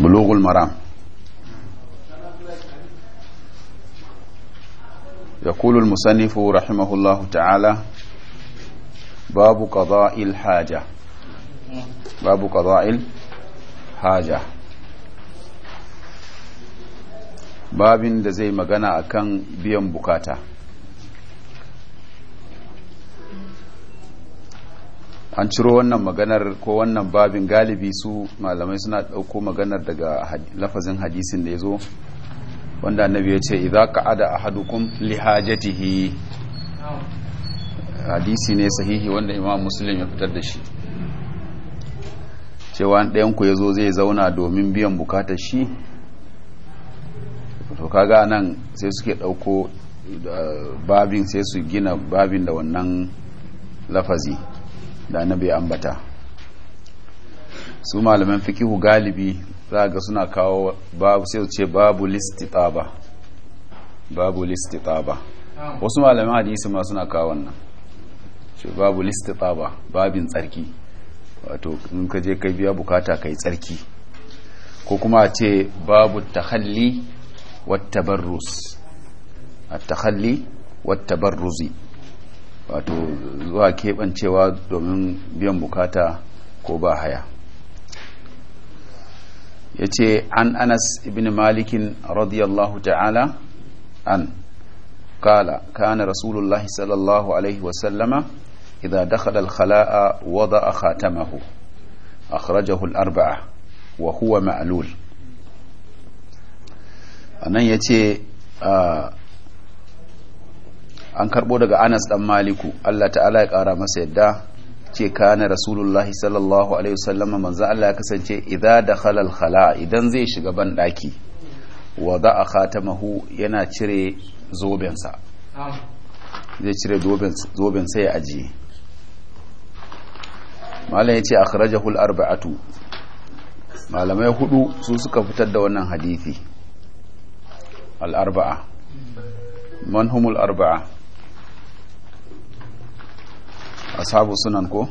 بلوغ المرام يقول المصنف رحمه الله تعالى باب قضاء الحاجة باب قضاء الحاجة babin da zai magana akan biyan bukata an ciro wannan maganar ko wannan babin galibi su malamai suna ɗauko maganar daga lafazin hadisin da ya zo wanda annabi ya ce idza ada ahadukum li hajatihi hadisi ne sahihi wanda imam muslim ya fitar da shi cewa ɗayan ku ya zo zai zauna domin biyan bukatar shi to kaga nan sai suke ɗauko eh, babin sai su gina babin da wannan lafazi da annabi ya ambata su malaman fikihu galibi za ga suna kawo babu sai ce babu listitaba babu listitaba wasu malaman hadisi ma suna kawo wannan ce babu listitaba babin tsarki wato in ka je kai biya bukata kai tsarki ko kuma a ce babu tahalli wa tabarrus at tahalli wa tabarruzi wato zuwa keɓancewa domin biyan bukata ko ba haya ya ce an anas ibn malikin radiyallahu ta'ala an kala kana rasulullahi sallallahu alaihi wasallama idha dakhala al-khala'a wada'a khatamahu akhrajahu al-arba'a wa huwa ma'lul anan yace ah, an karbo daga anas dan maliku allah ta'ala ya kara masa yadda ce kana rasulullah sallallahu alaihi wasallam manzo allah ya kasance idza dakhala al idan zai shiga ban daki wa a khatamahu yana cire zoben sa zai cire zoben zoben sai ya ajiye malam yace akhrajahu al arba'atu malamai hudu su suka fitar da wannan hadisi al arba'a man humul arba'a ashabu sunan ko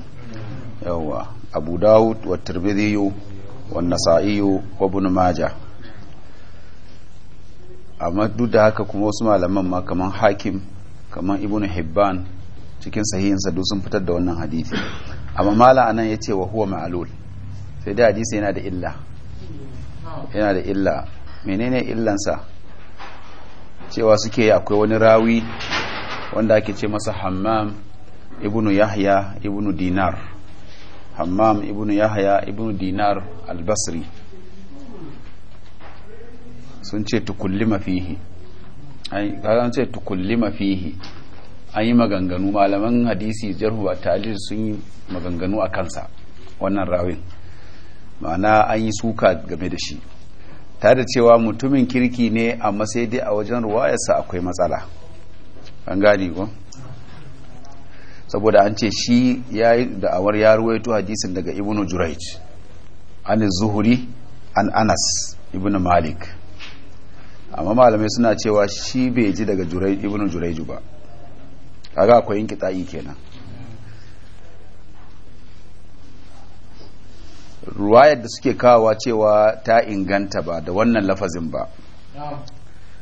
yawa abu dawud wa tirmidhi wa nasa'iyu wa ibn majah amma duk da haka kuma wasu malaman ma kaman hakim kaman ibn hibban cikin sahihinsa duk sun fitar da wannan hadisi amma mala anan yace wa huwa ma'lul sai da hadisi yana da illa yana da illa menene illansa cewa suke akwai wani rawi wanda ake ce masa hammam ibnu yahya ibnu dinar hammam ibnu yahya ibnu dinar albasri sun ce tukullima fihi an ce tukullima mafihi an yi maganganu malaman hadisi jarhu ba sun yi maganganu a kansa wannan rawin ma'ana an yi suka game da shi ta da cewa mutumin kirki ne amma sai dai a wajen ruwayarsa akwai matsala an gane ko saboda an ce shi ya yi da'awar ya ruwaito hadisin daga ibnu jurayj an zuhuri an anas ibnu malik amma malamai suna cewa shi bai ji daga ibnu jurayj ba kaga akwai yin kita'i kenan ruwayar da suke kawowa cewa ta inganta ba da wannan lafazin ba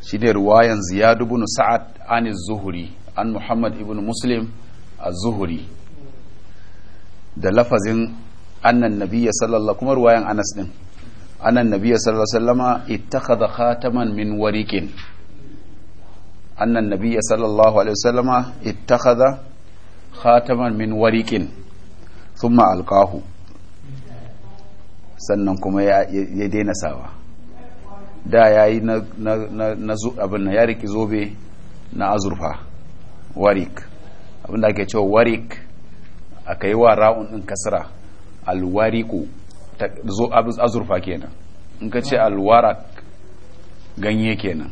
shi ne ruwayan ziyadu bin sa'ad an zuhuri an muhammad ibn muslim az-zuhri da lafazin annan nabiyya sallallahu kuma ruwayan Anas din annan nabiyya sallallahu alaihi wasallama ittakhadha khataman min wariqin annan nabiyya sallallahu alaihi wasallama ittakhadha khataman min wariqin thumma alqahu sannan kuma ya daina sawa da yayi na na na abin ya riki zobe na azurfa warik abinda ake cewa warik a kai wa ra'un ɗin kasra alwariku zo azurfa kenan in ka ce alwarak ganye kenan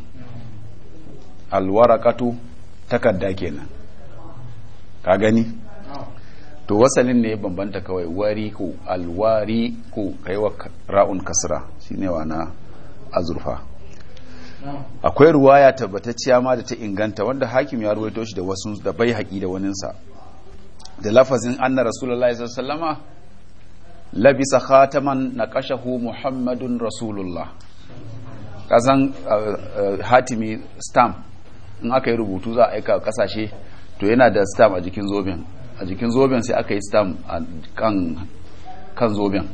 alwarakatu takarda kenan ka gani to wasalin ne bambanta kawai wariku alwariku kai wa ra'un kasra shine wa na azurfa akwai ruwaya tabbatacciya ma da ta inganta wanda hakim ya ruwaito shi da wasu da bai haƙi da waninsa da lafazin anna rasulullahi sallama labisa khataman na kashahu muhammadun rasulullah Kazan uh, uh, hatimi stamp in aka yi rubutu za a aika kasashe to yana da stamp a jikin zoben a jikin zoben sai aka yi stamp kan zoben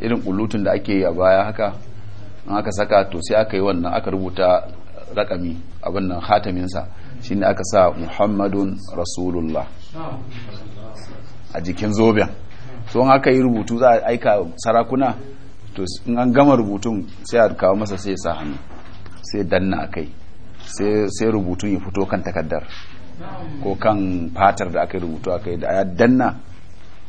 irin ƙulutun da ake yi a baya haka in aka saka to sai aka yi wannan aka rubuta rakami abin nan hataminsa shi ne aka sa muhammadun rasulullah a jikin zoben so in aka yi rubutu za a aika sarakuna to in an gama rubutun sai a kawo masa sai sa hannu sai danna a kai sai rubutun ya fito kan takaddar ko kan fatar da aka yi rubutu aka yi da ya danna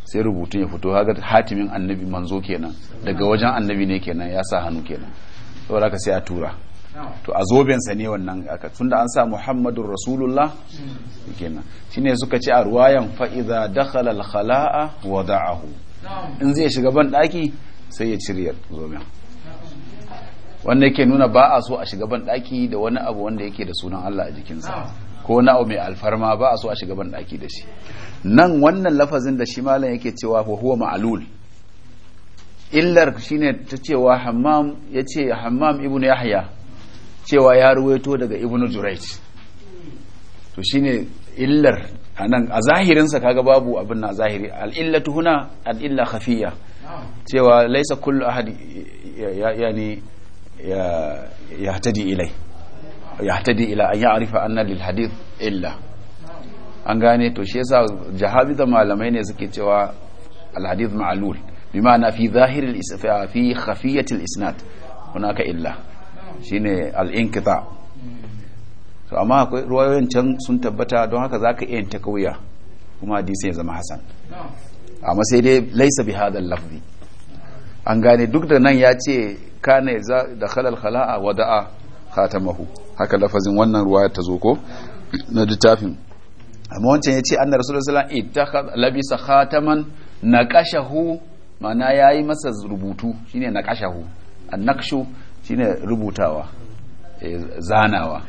sai rubutun ya fito kaga hatimin annabi manzo kenan daga wajen annabi ne kenan ya sa hannu kenan saboda ka sai a tura to a zobensa ne wannan aka tunda an sa muhammadun rasulullah kenan ne suka ce a ruwayan fa'iza da khalal khalaa da'ahu in zai shiga ban daki sai ya cire zoben wannan yake nuna ba a so a shiga ban daki da wani abu wanda yake da sunan Allah a jikinsa ko na mai alfarma ba a so a shiga banɗaki da shi nan wannan lafazin da shi malam yake cewa wa huwa ma'lul illar shine ta cewa hammam yace hammam ibnu yahya cewa ya ruwaito daga ibnu jurait to shine illar anan a zahirinsa kaga babu abin na zahiri al'illatu huna al'illa hafiya cewa laisa kullu ahad yani ya tadi ilai yahtadi ila an ya'rifa anna lil hadith illa an gane to shi yasa jahabi da malamai ne suke cewa al hadith ma'lul bima'ana fi zahir al isfa fi khafiyat al isnad hunaka illa shine al inqita to amma akwai ruwayoyin can sun tabbata don haka zaka iya takawiya kuma hadisi ya zama hasan amma sai dai laisa bi hadha al lafzi an gane duk da nan ya ce kana da khalal khala'a wada'a khatamahu haka lafazin wannan ruwaya ta zo ko na littafin amma wancan ya ce an da sallallahu alaihi labisa khataman kashahu mana yi masa rubutu shine naqashahu shi shine rubutawa eh, zanawa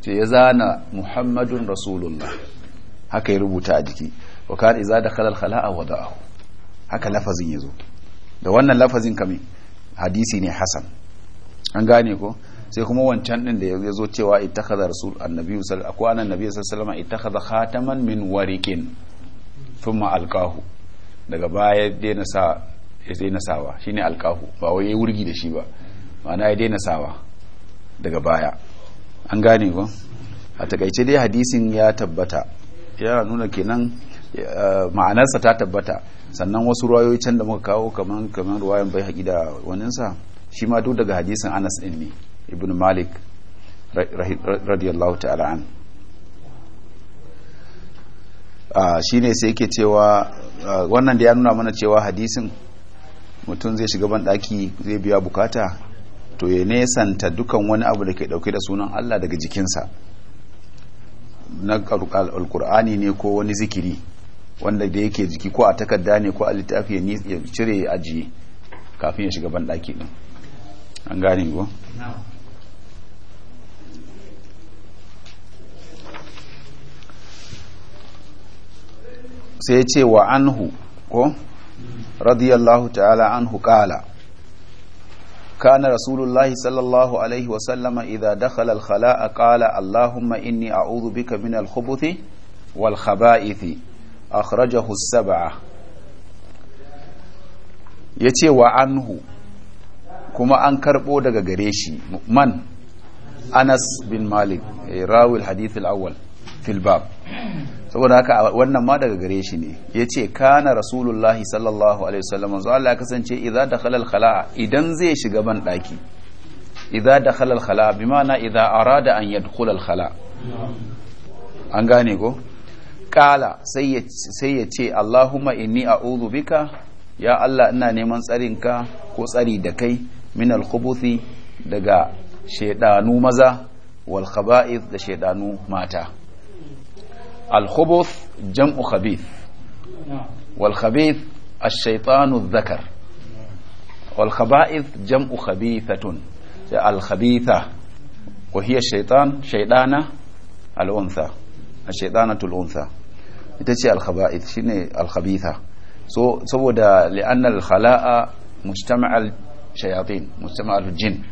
ce ya zana muhammadun rasulullah haka ya rubuta a jiki wa kan iza kala a khalaa wada'ahu haka lafazin ya zo. da wannan lafazin kame hadisi ne hasan an gane ko sai kuma wancan din da ya zo cewa ittakhadha rasul annabi sallallahu alaihi annabi sallallahu alaihi ittakhadha khataman min warikin thumma alqahu daga baya daina sa ya daina sawa shine alqahu ba wai yayi wurgi da shi ba ma'ana ya daina sawa daga baya an gane ko a takaice dai hadisin ya tabbata ya nuna kenan ma'anarsa ta tabbata sannan wasu ruwayoyi can da muka kawo kamar kaman ruwayan bai haƙi da waninsa shi ma duk daga hadisin Anas ɗin ne ibn malik radiyallahu ta'ala an ah, shi ne sai ke cewa ah, wannan da ya nuna mana cewa hadisin mutum zai shiga ban zai biya bukata to ya nesanta dukan wani abu da ke dauke da sunan allah daga jikinsa na alkur'ani ne ko wani zikiri wanda da yake jiki ko a takarda ne ko a littafi ya cire ajiye kafin ya shiga ban daki an gane go? sai ya ce wa anhu ko radiyallahu ta'ala anhu kala kana rasulullahi sallallahu alaihi wasallama idha dakhala al-khala'a qala allahumma inni a'udhu bika min al-khubuthi akhrajahu as-sab'a yace wa anhu kuma an karbo daga gare shi man anas bin malik eh, rawi al-hadith al fil bab saboda haka wannan ma daga gare shi ne ya ce kana rasulullahi sallallahu alaihi wasallam zuwa Allah ya kasance idan da khalal khala'a idan zai shiga ban daki idan da khalal khala'a bi ma'ana idan arada an yadkhula al khala'a an gane ko kala sai ya ce Allahumma inni a'udhu bika ya Allah ina neman tsarin ka ko tsari da kai min al daga shaiɗanu maza wal khaba'ith da shaiɗanu mata الخبث جمع خبيث والخبيث الشيطان الذكر والخبائث جمع خبيثة الخبيثة وهي الشيطان شيطانة الأنثى الشيطانة الأنثى تتشي الخبائث شنو الخبيثة so saboda li'annal khala'a mujtama'al shayatin mujtama'al jin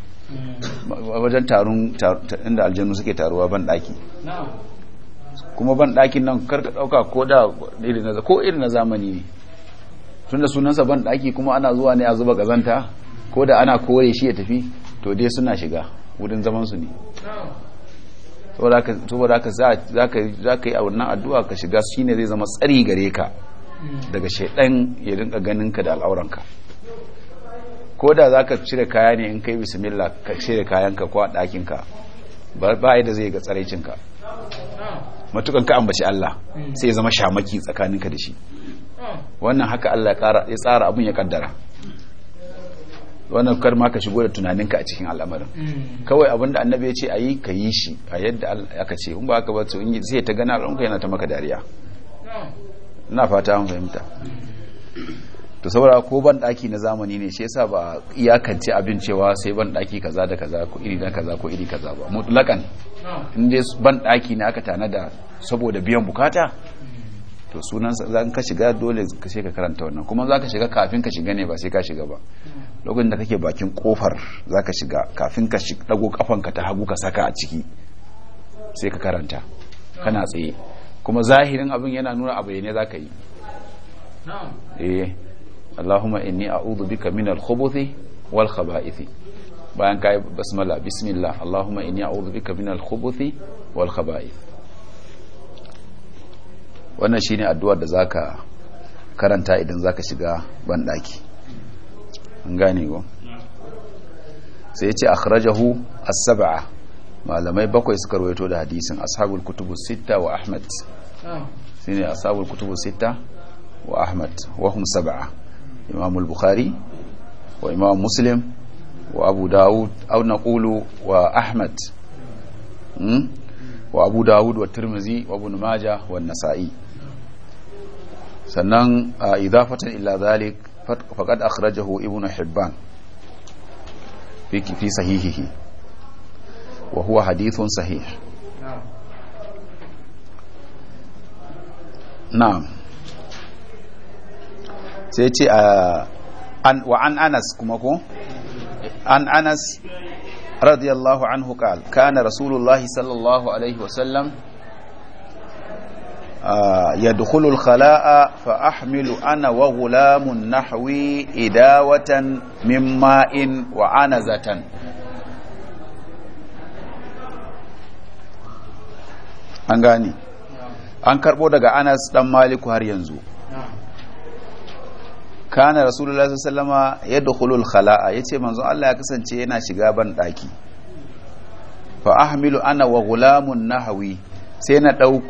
wajen tarun inda aljannu suke taruwa ban daki kuma ban ɗakin nan karka ɗauka ko da irin na zamani ne tun da sunansa ban ɗaki kuma ana zuwa ne a zuba kazanta ko da ana kore shi ya tafi to dai suna shiga wurin zamansu ne saboda haka za ka yi a wannan addu'a ka shiga shi ne zai zama tsari gare ka daga shaidan ya rinka ganin ka da al'auranka ko da za ka cire kaya ne in kai bismillah ka cire kayanka ko a ɗakinka ba yi da zai ga tsaraicinka matukan ka ambaci Allah hmm. sai ya zama shamaki tsakaninka da shi hmm. wannan haka Allah ya tsara abin ya kaddara wannan kar ma ka shigo da tunaninka a cikin al'amarin hmm. kawai abin da annabi ya ce a yi ka yi shi a yadda aka ce in ba aka ba su sai ta gana ranka yana ta maka dariya na fata an fahimta to saboda ko ban daki na zamani ne shi yasa ba iyakance abin cewa sai ban daki kaza da kaza ko iri na kaza ko iri kaza ba mutlakan in dai ban daki ne aka da saboda biyan bukata to sunan zan ka shiga dole ka sai ka karanta wannan kuma za ka shiga kafin ka shiga ne ba sai ka shiga ba lokacin da kake bakin kofar za ka shiga kafin ka shiga dago kafan ka ta hagu ka saka a ciki sai ka karanta kana tsaye kuma zahirin abin yana nuna abu ne za ka yi eh اللهم inni a'udhu بك من الخبث والخبائث بيان كاي بسم الله basmala الله اللهم inni a'udhu بك من الخبث والخبائث wannan shine addu'ar da zaka karanta idan zaka shiga bandaki an gane go sai yace akhrajahu as-sab'a malamai bakwai suka rawaito da hadisin ashabul kutubu sitta wa ahmad ah. shine ashabul kutubu sitta wa ahmad wa hum sab'a imamul al-bukhari wa imam muslim wa abu dawud aw naqulu wa ahmad wa abu dawud wa tirmizi wa ibn majah wa nasa'i sannan idafatan ila zalik faqad akhrajahu ibn hibban fi fi sahihihi wa huwa hadithun sahih na'am sai ce ah, wa an anas kuma ko an anas radiyallahu anhu qal kana rasulullahi sallallahu alaihi wasallam يدخل الخلاء فأحمل أنا وغلام نحوي إداوة من wa anazatan. an gani an karbo daga anas dan maliku har yanzu kana rasulullahi sallama ya dukhulul khala'a yace manzon Allah ya kasance yana shiga ban daki fa ahmilu ana wa gulamun nahawi sai na dauko